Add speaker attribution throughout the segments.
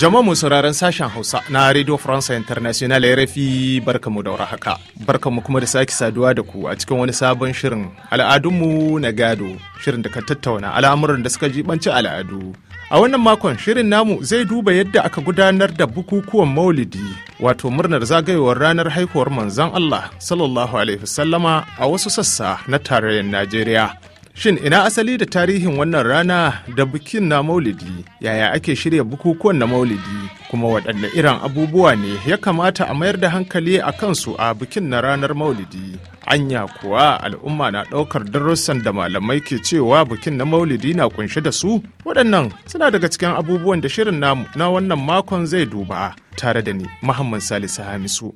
Speaker 1: Jama'a mu sauraron sashen Hausa na Radio France International RFI barkamu da haka. Barkamu kuma da sake saduwa da ku a cikin wani sabon shirin al'adunmu na gado, shirin da ka tattauna al'amuran da suka jibanci al'adu. A wannan makon shirin namu zai duba yadda aka gudanar da bukukuwan Maulidi, wato murnar zagayowar ranar haihuwar manzon Allah sallallahu alaihi wasallama a wasu sassa na tarayyar Najeriya. Shin ina asali da tarihin wannan rana da bikin na maulidi, yaya ake shirya bukukuwan na maulidi, kuma waɗanne irin abubuwa ne ya kamata a mayar da hankali a kansu a bikin na ranar maulidi. Anya kuwa al'umma na ɗaukar darussan da malamai ke cewa bikin na maulidi na kunshe da su? Waɗannan suna daga cikin abubuwan da shirin na wannan makon zai duba tare da ni Muhammad Salisu Hamisu.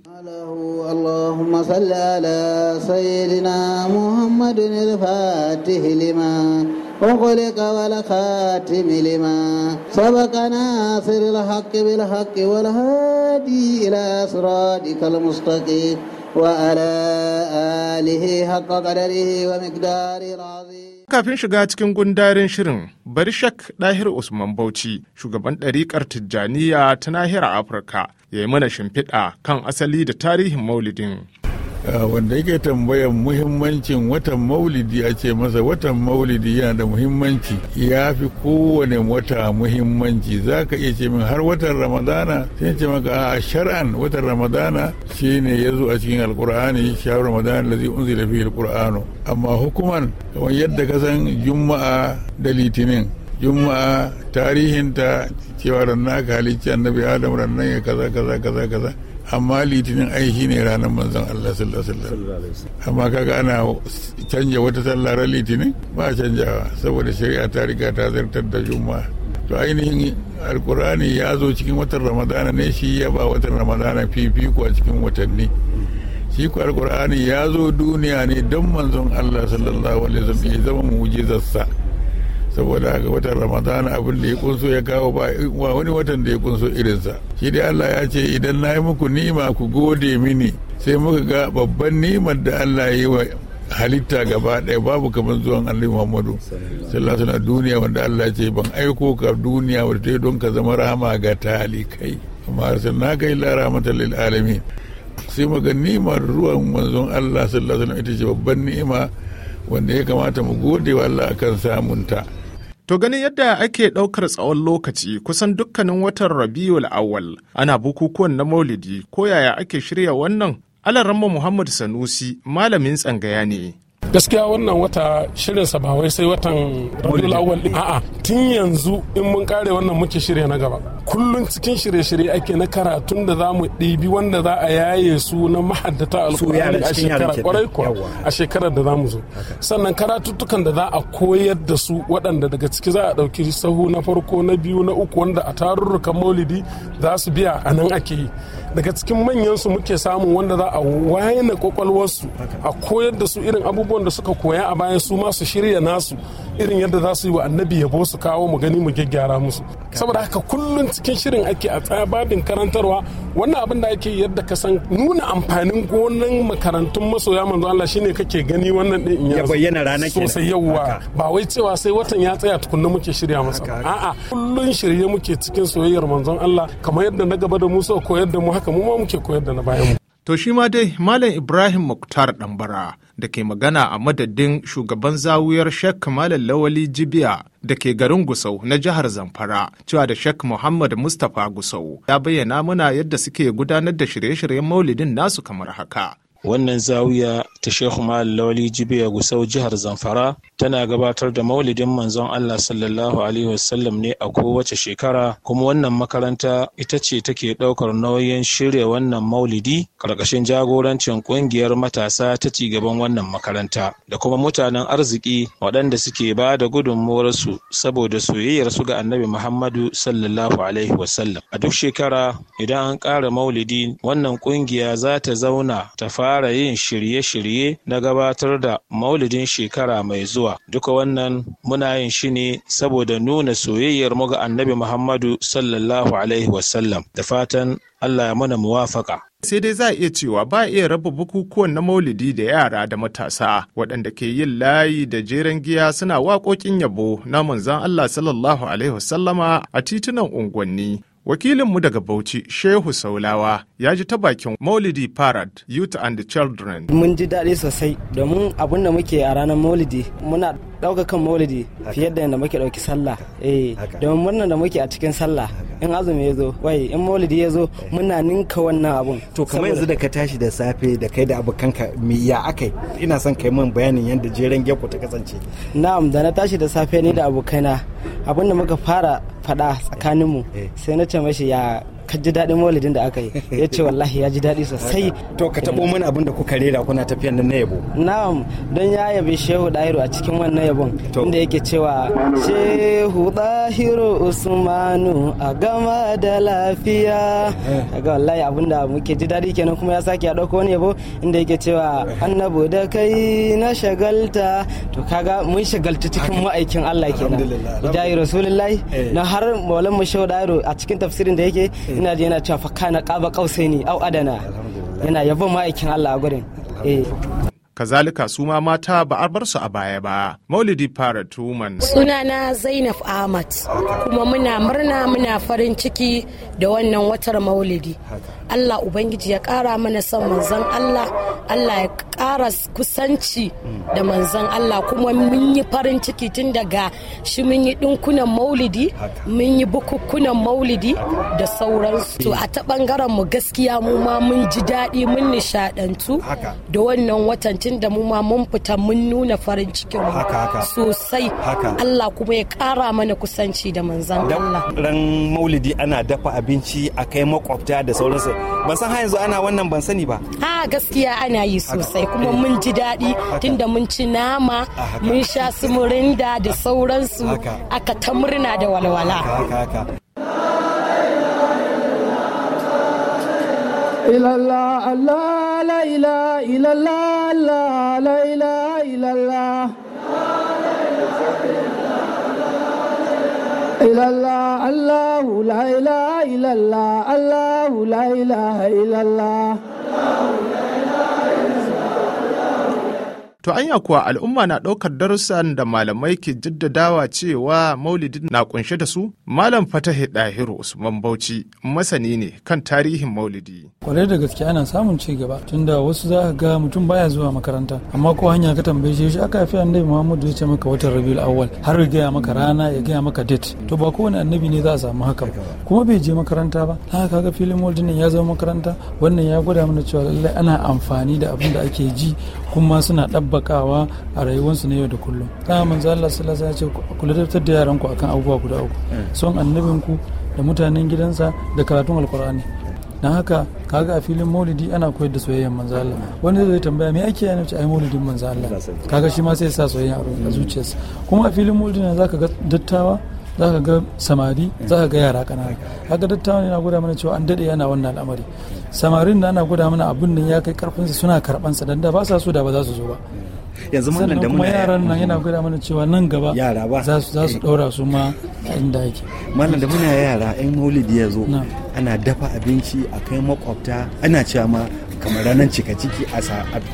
Speaker 2: اللهم صل على سيدنا محمد الفاتح لما أغلق والخاتم لما سبق ناصر الحق بالحق والهادي إلى صراطك المستقيم وعلى آله حق قدره ومقداره العظيم
Speaker 1: Kafin shiga cikin gundarin shirin, bari shak ɗahir Usman Bauchi, shugaban ɗariƙar Tijjaniya ta nahiyar Afirka, ya yi mana shimfiɗa kan asali da tarihin maulidin
Speaker 3: Eh, wanda yake tambayan muhimmancin watan maulidi a ce masa watan maulidi yana da muhimmanci ya fi kowane wata muhimmanci za ka iya ce min har watan ramadana sai ce maka a shar'an watan ramadana shine ya zo a cikin alkur'ani shahar ramadana lazi da fiye alkur'anu amma hukuman kamar yadda ka san juma'a da litinin juma'a tarihinta cewa ranna ka halicci annabi adam rannan ya kaza kaza kaza kaza amma litinin aiki ne ranar manzon Allah sallallahu alaihi amma kaga ana canja wata sallah ran litinin ba canjawa saboda shari'a ta riga ta zartar da juma'a to ainihin alkurani ya zo cikin watan ramadana ne shi ya ba watan ramadana fifiko a cikin watanni shi ku alkurani ya zo duniya ne don manzon Allah sallallahu alaihi wasallam ya zama mujizarsa saboda haka watan ramadana abin da ya kunso ya kawo ba wa wani watan da ya kunso irinsa shi dai allah ya ce idan na yi muku ni'ima ku gode mini sai muka ga babban ni'imar da allah ya yi wa halitta gaba ɗaya babu kamar zuwan annabi muhammadu sallallahu alaihi duniya wanda allah ce ban aiko ka duniya wata ta don ka zama rahama ga talikai amma sai na kai la rahmatan lil alamin sai muka ni'imar ruwan manzon allah sallallahu alaihi ita ce babban ni'ima wanda ya kamata mu gode wa allah akan samunta To ganin yadda ake ɗaukar tsawon lokaci kusan dukkanin watan Rabiul
Speaker 1: Awwal ana bukukuwan na Maulidi ko yaya ake shirya wannan Alaramma Muhammad Sanusi malamin tsangaya ne gaskiya wannan wata shirin sa ba wai sai watan rabiul awwal din a'a tun yanzu in mun kare wannan muke shirya na gaba kullun cikin shirye-shirye ake na karatun da za mu ɗibi wanda za a yaye su na mahaddata alƙur'ani a shekarar ƙwarai kuwa a shekarar da za mu zo sannan karatuttukan da za a koyar da su waɗanda daga ciki za a ɗauki sahu na farko na biyu na uku wanda a tarurrukan maulidi za su biya a nan ake yi daga cikin manyan su muke samu wanda za a wayana kwakwalwarsu a koyar da su irin abubuwan da suka koya a baya su ma su shirya nasu irin yadda za su yi wa annabi yabo su kawo mu gani mu gyaggyara musu saboda haka kullun cikin shirin ake a tsaya babin karantarwa wannan abin da ake yadda ka san nuna amfanin gonan makarantun masoya manzo Allah shine kake gani wannan din ya bayyana ranar kenan sosai yawa ba wai cewa sai watan ya tsaya tukunna muke shirya masa a'a kullun shirye muke cikin soyayyar manzon Allah kamar yadda na gaba da Musa koyar da mu haka mu ma muke koyar da na bayan mu To shi ma dai Malam Ibrahim Muktar Dambara da ke magana a madadin shugaban zawiyar Sheikh Malam Lawali Jibiya da ke garin Gusau na jihar Zamfara cewa da Sheikh Muhammad Mustapha Gusau ya bayyana muna yadda suke gudanar da shirye-shiryen maulidin nasu kamar haka. Wannan zawiya ta Sheikh Malam Lawali Jibiya Gusau jihar Zamfara tana gabatar da maulidin manzon Allah sallallahu alaihi wasallam ne a kowace shekara kuma wannan makaranta ita ce take ɗaukar nauyin shirya wannan maulidi ƙarƙashin jagorancin ƙungiyar matasa ta ci gaban wannan makaranta da kuma mutanen arziki waɗanda suke ba da gudunmuwarsu saboda soyayyar su ga annabi Muhammadu sallallahu alaihi wasallam a duk shekara idan an ƙara maulidi wannan ƙungiya za ta zauna ta fara yin shirye-shirye na gabatar da maulidin shekara mai zuwa duka wannan muna yin shi ne saboda nuna soyayyar mu ga annabi muhammadu sallallahu alaihi wasallam da fatan allah ya mana muwafaka sai dai za a iya cewa ba a iya raba bukukuwan na maulidi da yara da matasa waɗanda ke yin layi da jeren giya suna waƙoƙin yabo na manzan allah sallallahu alaihi wasallama a titunan unguwanni Wakilinmu daga Bauchi, Shehu Saulawa, ya ji ta bakin Maulidi Farad, Youth and Children.
Speaker 2: Mun ji daɗi sosai domin abin da muke a ranar Maulidi muna ɗauka kan Maulidi fiye da yadda muke ɗauki sallah. Eh, domin murnar da muke a cikin sallah. In azumi ya zo, wai in Maulidi ya zo eh. muna ninka wannan abun. To kamar yanzu da ka tashi da safe da kai da abokanka me ya akai? Ina son kai min bayanin yadda jeren geko ta kasance. Na'am, da na tashi da safe ni da abokaina abin da muka fara faɗa tsakaninmu eh, eh. sai na ce mashi ya ka ji daɗin maulidin da aka yi ya ce wallahi ya ji daɗi sosai to ka taɓo mana abin da kuka rera kuna tafiyan nan na yabo na'am don ya yabi shehu dahiru a cikin wannan yabon inda yake cewa shehu dahiru usmanu a gama da lafiya eh. ga wallahi abin da muke ji daɗi kenan kuma ya sake ya ɗauko wani yabo inda yake cewa annabu da kai na shagalta to kaga mun shagalta cikin ma'aikin Allah kenan da rasulullahi eh. na har maulan mu shehu dahiru a cikin tafsirin da yake eh. ina da yana cewa na kaba kausai ni au adana yana yabon ma'aikin Allah a gurin
Speaker 1: eh. kazalika su ma mata ba a bar su a baya ba maulidi fara tuman
Speaker 2: sunana zainab ahmad kuma muna murna muna farin ciki da wannan watar maulidi Allah Ubangiji ya ƙara mana son manzan Allah Allah ya ƙara kusanci da manzan Allah kuma mun yi farin ciki tun daga shi mun yi ɗinkunan maulidi mun yi bukukunan maulidi da sauransu to a ta ɓangaren mu gaskiya mu ma mun ji daɗi mun nishaɗantu da wannan watan tun da mu ma mun fita mun nuna farin cikin sosai Allah kuma ya kara mana kusanci da manzan Allah ran maulidi ana dafa abinci a kai makwabta da sauransu ban san yanzu ana wannan ban sani ba ha gaskiya ana yi sosai kuma eh, mun ji daɗi tunda mun ci nama mun sha su murinda da sauransu aka ta murna da walwala ilallah إلا الله الله لا إله إلا الله الله لا إله إلا الله
Speaker 1: To anya kuwa al'umma na ɗaukar darussan da malamai ke jaddadawa cewa maulidi na kunshe da su? Malam Fatahi Dahiru Usman Bauchi
Speaker 4: masani ne kan tarihin maulidi. Kwarai da gaske ana samun ci gaba tunda wasu za ga mutum baya zuwa makaranta amma ko hanya ka tambaye shi aka fi annabi Muhammadu ya ce maka watan Rabiul Awwal har ya gaya maka rana ya gaya maka date to ba kowane annabi ne za a samu haka ba kuma bai je makaranta ba haka kaga filin maulidi ya zama makaranta wannan ya gwada mana cewa lallai ana amfani da abin da ake ji kuma suna ɗabba sabbakawa a rayuwarsu na yau da kullum ta manzo Allah sallallahu alaihi wasallam ya ce ku ladabtar da yaran ku akan abubuwa guda uku hmm. son annabin ku da mutanen gidansa da karatun alkur'ani dan haka kaga a filin maulidi ana koyar da soyayyar manzo Allah wani zai tambaya me ake yana ce ai maulidin manzo Allah kaga shi ma sai ya sa soyayya a zuciyarsa kuma a filin maulidi ne zaka ga dattawa za ka ga samari za ka ga yara ƙanana haka dattawan yana gwada mana cewa an daɗe yana wannan al'amari samarin da ana gwada mana abin nan ya kai karfinsa suna karɓansa dan da ba sa so da ba za su zo ba yanzu malam da muna yaran nan yana gwada mana cewa nan gaba yara ba za su daura su ma inda yake mallan da muna yara yan maulidi ya zo
Speaker 3: ana dafa abinci a kai makwabta ana cewa ma kamar ranar cika ciki a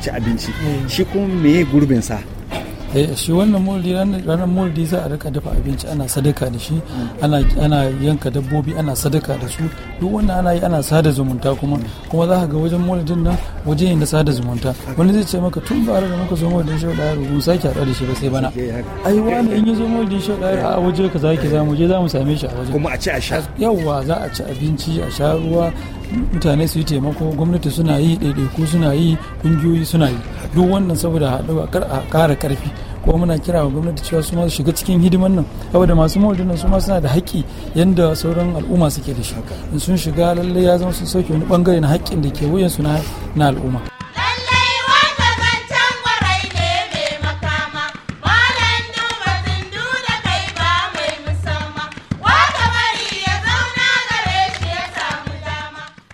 Speaker 3: ci abinci eh. shi kuma meye gurbin sa
Speaker 4: Eh, shi wannan moldi ranar moldi za a rika dafa abinci ana sadaka da shi ana yanka dabbobi ana sadaka da su duk wannan ana yi ana sada zumunta kuma kuma za a ga wajen moldin nan waje ne na sada zumunta wani zai ce maka tun bara da muka zo moldin shi da yaro mun sake haɗu da shi ba sai bana ai wani in yi zo moldin shi da yaro a waje ka zaki za mu je za mu same shi a waje kuma a ci a sha yawa za a ci abinci a sha ruwa mutane su yi taimako gwamnati suna yi ɗaiɗaiku suna yi ƙungiyoyi suna yi duk wannan saboda a ƙara ƙarfi kuma muna kira wa gwamnati cewa su ma shiga cikin hidiman nan saboda masu mawadi nan su ma suna da haƙƙi yadda sauran al'umma suke da shi in sun shiga lallai ya zama sun sauke wani bangare na haƙƙin da ke wuyansu na al'umma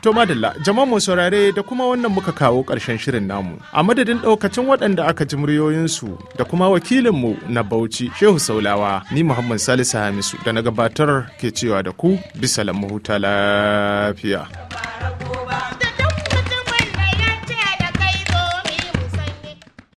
Speaker 1: To madalla jama'a mu saurare da kuma wannan muka kawo ƙarshen shirin namu. A madadin ɗaukacin waɗanda aka ji muryoyinsu da kuma wakilin mu na Bauchi Shehu Saulawa ni Muhammad Salisu Hamisu da na gabatar ke cewa da ku bisa lamu huta lafiya.